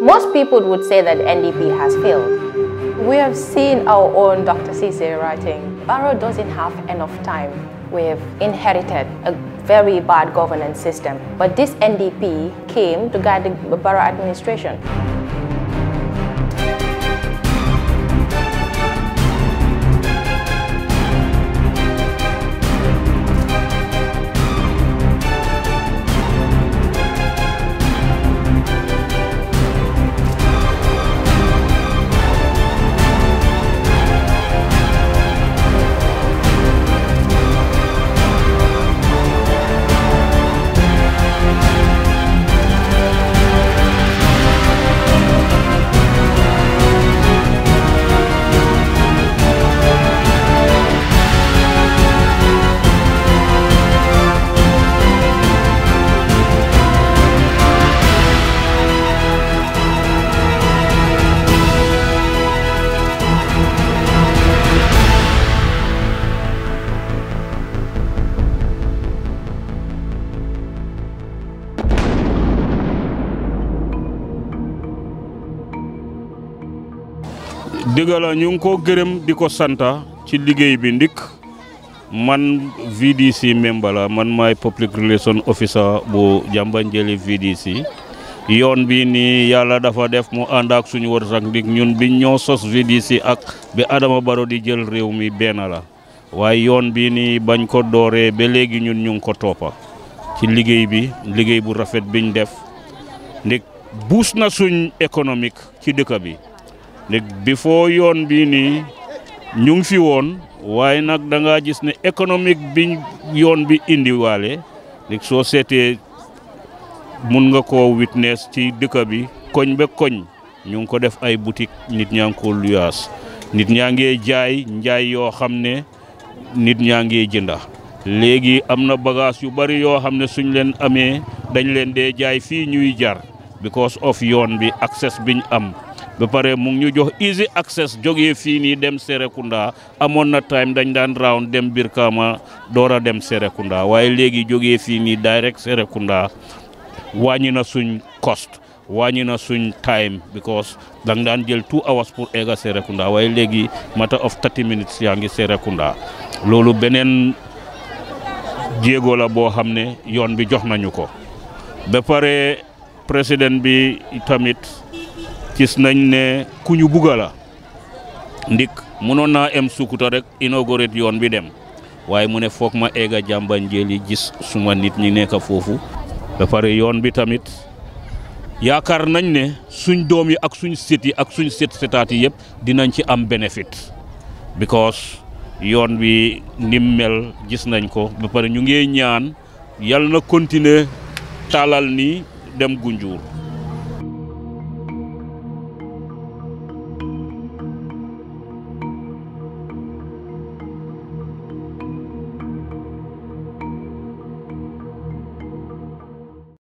Most people would say that NDP has failed. We have seen our own Dr. Cisse writing, Barrow doesn't have enough time. We've inherited a very bad governance system, but this NDP came to guide the Barrow administration. Dégala ñu ngi ko gërëm di ko santa ci liggéey bi ndik man VDC member la man maay public relation officer bu Jambanjelly VDC yoon bi nii yàlla dafa def mu ànd ak suñu wërsëg ndik ñun bi ñoo sos VDC ak bi Adama Barrow di jël réew mi benn la waaye yoon bi nii bañ ko dooree ba léegi ñun ñu ngi ko toppa ci liggéey bi liggéey bu rafet biñ def ndik buus na suñ économique ci dëkk bi léegi foo yoon bii nii ñu ngi fi woon waaye nag da gis ne économique bi yoon bi indiwaale léegi soo seetee mun nga koo witness ci dëkk bi koñ ñu ngi ko def ay boutique nit ñaa ngi ko luyaas nit ñaa ngee jaay njaay yoo xam ne nit ñaa ngee jënda léegi am na bagage yu bari yoo xam ne suñ leen amee dañ leen dee jaay fii ñuy jar because of yoon bi access biñ am ba pare mu ngi ñu jox easy access jógee fii nii dem Serekunda amoon na time dañ daan round dem Birkama door a dem Serekunda waaye léegi jógee fii nii direct Serekunda wàññi na suñ cost wàññi na suñ time because da nga daan jël two hours pour egga waaye léegi matter of 30 minutes yaa ngi Serekunda loolu beneen jéego la boo xam ne yoon bi jox nañu ko ba pare bi tamit. gis nañ ne ku ñu bugga la ndik mënoon naa em Sukuta rek inauguré yoon bi dem waaye mu ne foog ma eega jàmbanjeel yi gis suma nit ñi nekk foofu ba yoon bi tamit yaakaar nañ ne suñ doom yi ak suñ sët ak suñ sët sëtaat yi yëpp dinañ ci am bénéfice because yoon bi nim mel gis nañ ko ba ñu ngi ñaan yal na continuer taalal ni dem Gunjur